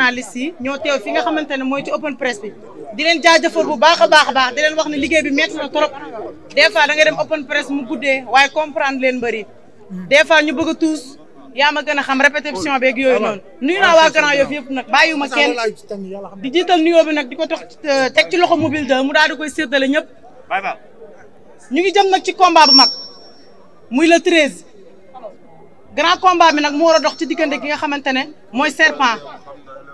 journaliste yi ñoo teew fi nga xamante ne mooy ci open presse bi di leen jaajëfal bu a baax baax di wax ne liggéey bi métti na trop des fois leen bëri des fois ñu bëgg a tuus yaa ma gën a xam répétition beeg yooyu noonu nuyu naa waa Grand nag yëpp nag bàyyiwuma kenn di jiital nuyoo bi nag di ko tox teg ci loxo mobile de mu daal di koy séddale ñëpp ñu ngi jëm nag ci combat bu mag muy le treize grand combat bi nag mu war a dox ci diggante gi nga xamante ne mooy serpent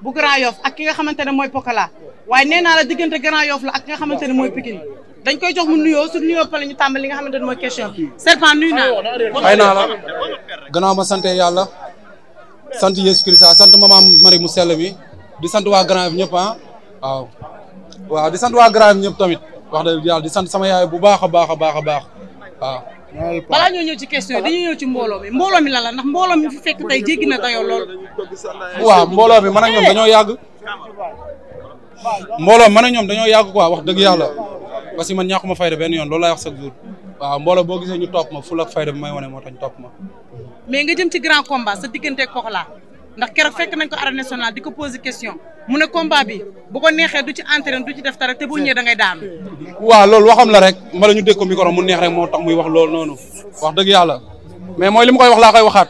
bu Grand Yoff ak ki nga xamante ne mooy Pokola waaye nee naa la diggante Grand Yoff la ak ki nga xamante ne mooy Pikine dañ koy jox mu nuyoo su nuyoo pare ñu tàmbali li nga xamante ne mooy question serpent nuyu naa la. naa la gannaaw ma sante yàlla sant Yesu Christa sant ma maman Marie mu sell mi di sant waa Grand Yoff ñëpp ah waaw. di sant waa Grand Yoff ñëpp tamit wax dëgg yàlla di sant sama yaay bu baax a baax a baax a baax waaw. balaa ñoo ñëw ci question yi dañuy ñëw ci mbooloo mi mbooloo mi lan la ndax mbooloo mi fi fekk tey jéggi na dayoo lool. waaw mbooloo mi man a ñoom dañoo yàgg. mbooloo man ak ñoom dañoo yàgg quoi wax dëgg yàlla parce que man ñàkkuma fayda benn yoon loolu laay wax chaque jour waaw mbooloo boo gisee ñu topp ma ful ak fayda bi may wane moo tax ñu topp ma. mais nga jëm ci grand combat sa diggante Koxla ndax keroog fekk nañ ko arène nationale di ko posé question mu ne combat bi bu neexee du ci entraîne du ci def dara te bu ñëwee da ngay daanu. waaw loolu waxam la rek mbala ñu dégg ko micro mu neex rek moo tax muy wax loolu noonu wax dëgg yàlla mais mooy li mu koy wax laa koy waxaat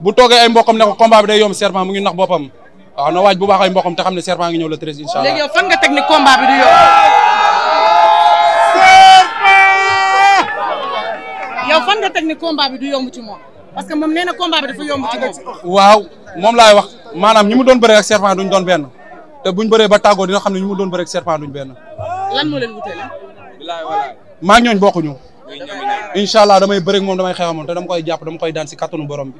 bu toogee ay mbokam ne ko combat bi day yomb serment mu ngi nax boppam waaw na waaj bu baax ay mbokam te xam ne serment ngi ñëw le treize incha allah. léegi nga teg ni combat bi bi du yomb ci moom parce que moom nee na combat bi dafa yomb ci moom. waaw. moom laay wax maanaam ñi mu doon bëree ak Serpent doon benn te buñ bëree ba tàggoo dina xam ne ñi mu doon bëree ak benn. lan maa ngi ñooñ bokkuñu. incha allah damay bëreeg moom damay xeexamoon te dama koy jàpp dama koy daan si kattanu borom bi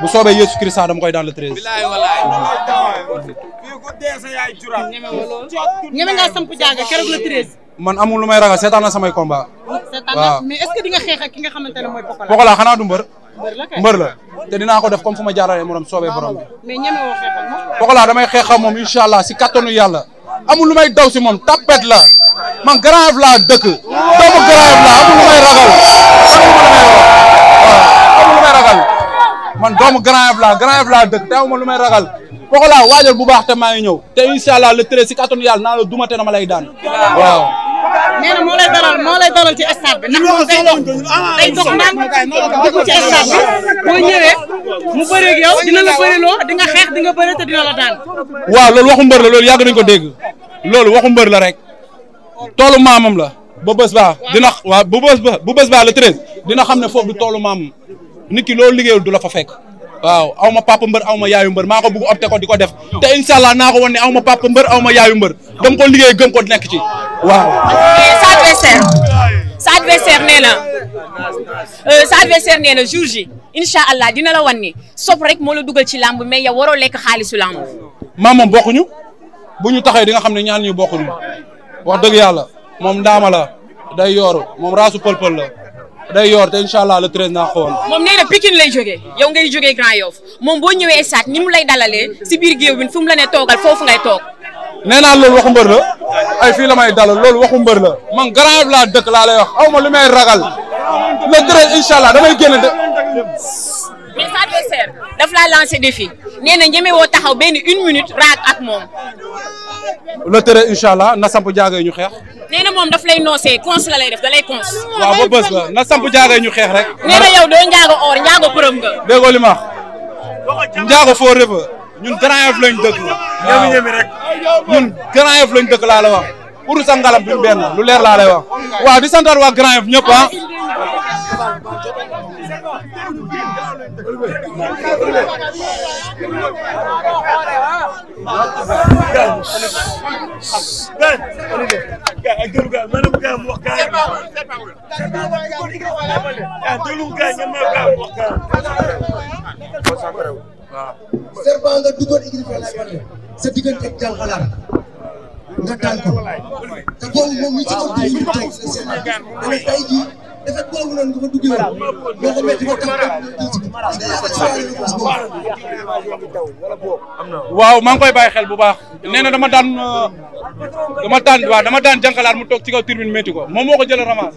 bu soobee Yeesu Kirista dama koy daan le treize. ñeme nga man amul lu may ragal seetaan na samay combat. waaw nga xeex ak xanaa du mbër. mbër la te dinaa ko def comme fu ma jaaralee morom soobee borom bi. mais ñeme woo xeexal moom. damay xeexal moom incha allah si kattanu yàlla amul lu may daw si moom tapet la man grave laa dëkk. doomu grave laa amul lu may ragal. amul lu may ragal man doomu grave laa grave laa dëkk te amul lu may ragal. Pokola waajal bu baax te maa ngi ñëw. te incha allah le si kattanu yàlla naa la dumate na ma lay daan. waaw. nee na moo lay dalal moo lay dalal ci stade bi ndax day dox day dox naan dugg ci stade bi boo ñëwee mu bëri ak dina la bëriloo di nga xeex di nga bëri te dina la daan. waaw loolu waxu mbër la loolu yàgg nañu ko dégg loolu waxu mbër la rek toolu maamam la ba bés baa dina waaw bu bés bu bés baa le treize dina xam ne foofu du toolu maamam nit ki lool liggéeyul du la fa fekk. waaw aw ma papa mbër aw ma yaayu mbër maa ko bugg opté ko di ko def te incha allah naa ko wan ne aw ma papa mbër aw ma yaayu mbër dama ko liggéey gëm ko nekk ci waaw. sa eh, sa adversaire na eh, sa adversaire nee na jour ji incha allah dina la wan ni sob rek moo la dugal ci làmb mais yow waroo lekk xaalisu làmb. maa moom bokkuñu bu ñu taxee di nga xam ne ñaan ñu bokkuñu wax dëgg yàlla moom ndaama la day yooru moom raasu pël-pël la. day yor te incha allah le treize naa xool. moom nee na lay jógee yow ngay jógee Grand Yoff moom boo ñëwee stade ni mu lay dalalee si biir géew bi fu mu la ne toogal foofu ngay toog. nee naa loolu la ay fii la may dalal loolu waxu mbër la man Grand Yoff laa dëkk laa lay wax aw ma lu may ragal la treize incha allah damay génn de. mais sa adversaire daf laa lancer défi nee na woo taxaw benn une minute raag ak moom le tere incha allah na samp jaaga yi ñu xeex. nee na moom daf lay noosee cons la lay def da lay ba bës la na samp jaaga yi xeex rek. nee na doo njaago or njaago përëm nga. déggoo li ma wax njaago ñun Grand Yoff lañ dëkk. waaw ñëmi rek. ñun Grand lu leer laa lay wax. waaw di santar waa Grand Yoff ah. serpent nga duggoon Idrissa Laye Balde diggante ak jàmm nga tànn ko te boobu moom mi ci defet boobu noonu nga fa waaw maa ngi koy bàyyi xel bu baax nee na dama daan dama daan waaw dama daan jànkalaat mu toog ci kaw tribune métti ko moom moo ko jël ramas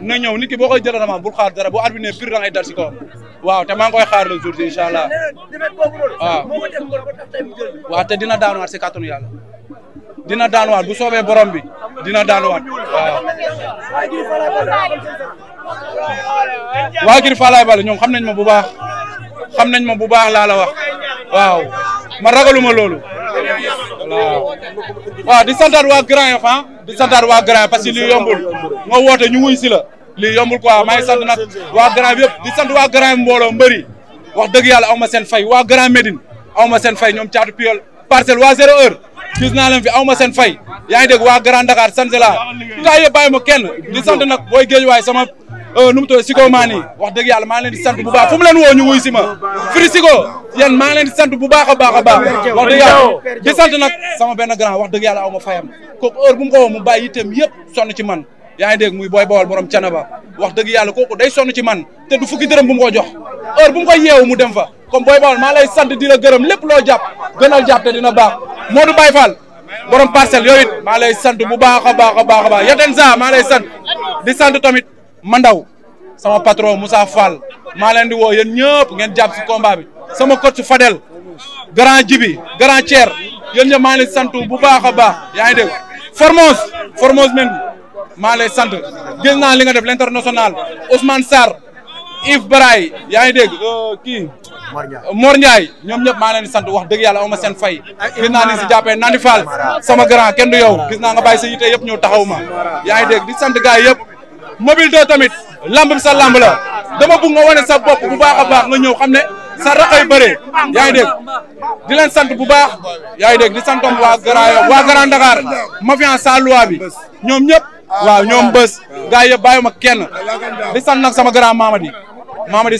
na ñëw nit ki boo koy jël ramas bul xaar dara bu at bi ne pire da ngay si kawam waaw te maa ngi koy xaar le jour bi incha allah waaw te dina daanuwaat si kàttanu yàlla dina daanuwaat bu soobee borom bi dina daanuwaat waaw. waa kii Falaye Balla ñoom xam nañ ma bu baax xam nañ ma bu baax laa la wax waaw ma ragaluma loolu waa di santaat waa Grand Yoff ah di santaat waa Grand Yoff parce que lii yombul nga woote ñu wuy si la lii yombul quoi maa ngi sant nag waa Grand Yoff yëpp di sant waa Grand Yoff mbooloo mbëri wax dëgg yàlla aw ma seen fay waa Grand Médine aw ma seen fay ñoom caatu piyol parcelle waa zéro heure. gis naa leen fi aw ma seen fay yaa ngi dégg waa Grand Dakar sant laa gaa yëpp bàyyi ma kenn di sant nag booy géej waay sama euh, nu mu tudd Siko maa nii wax dëgg yàlla maa ngi leen di sant bu baax fu mu leen woo a a wax dëgg yàlla di sant sama benn grand wax dëgg yàlla aw fayam kooku heure bu ko woo mu yitteem yëpp sonn ci man yaa ngi muy booy bawal borom canaba wax dëgg yàlla kooku day sonn ci man te fukki dërëm bu ko jox heure bu ko yeewu mu dem fa comme booy bawal maa Modou Baye Fall borom parcelle yooyu it maa lay sant bu baax a baax a baax a baax Yaten Za maa lay sant di sant tamit Mandaw sama patron Moussa Fall maa leen di woo yéen ñëpp ngeen jàpp si combat bi sama coach Fadel grand Jibi grand Thier yéen ñëpp maa lay sant bu baax a baax yaa ngi dégg Formose men maa lay sant gis naa li nga def l'international Ousmane Sarr Yves Baraye yaa ngi dégg kii. Mor Ndiaye ñoom ñëpp maa leen sant wax dëgg yàlla aw ma seen fay gis naa ni si jàppee Nandi Fall sama grand kenn du yow gis naa nga bàyyi sa yite yëpp ñëw taxaw ma yaa ngi dégg di sant gars yëpp mobile doo tamit lamb bi sa lamb la dama bëgg nga wane sa bopp bu baax a baax nga ñëw xam ne sa raqay bëree yaa ngi dégg di leen sant bu baax yaa ngi dégg di santom waa grand yow waa grand Dakar mafia sa loi bi ñoom ñëpp waaw ñoom bés gars yëpp bàyyi ma kenn di sant nag sama grand Mamadi Mamadi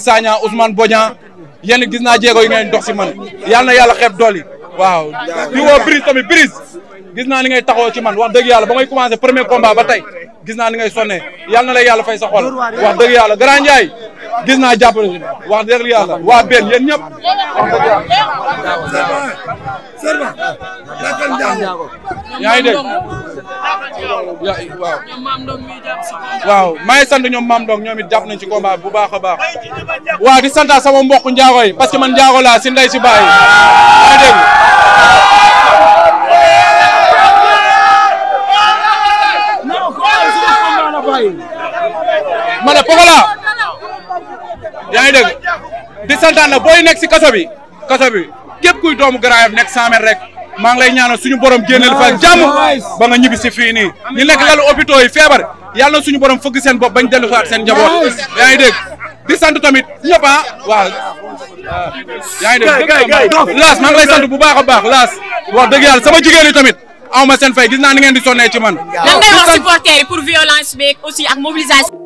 yéen gis naa jéego yi ngeen dox si man yal na yàlla xeeb dool yi waaw di woo Brise tamit Brise gis naa ni ngay taxaw ci man wax dëgg yàlla ba may commencé premier combat ba tey gis naa ni ngay sonne yal na lay yàlla fay sa xol wax dëgg yàlla grand Ndiaye gis naa jàppale si wax dëgg yàlla waa benn yéen ñëpp wax dëgg yàlla. serba lakkal njaago yaa ngi dégg waaw waaw maa ñoom maam Ndong ñoom it jàpp nañ ci combat bu baax a baax waaw di santaa sama mbokk njaago yi parce que man njaago laa si ndey baay yaa ngi dégg ma ne Pokola yaa ngi dégg di santaan na booy nekk si kaso bi kaso bi képp kuy doomu Grand Yoff nekk 100 rek maa ngi lay ñaanal suñu borom génneel fa jàmm ba nga ñibbi si fii nii ñu nekk lalu hôpitaux yi feebar yàlla na suñu borom fëgg seen bopp bañ dellu saat seen njaboot yaa ngi dégg di sant tamit ñëpp ah waaw yaa ngi dégg laas maa ngi lay sant bu baax a baax laas wax dëgg yàlla sama jigéen tamit aw ma seen fay gis naa ni ngeen di sonnee ci man lan ngay wax supporters yi pour violence ak mobilisation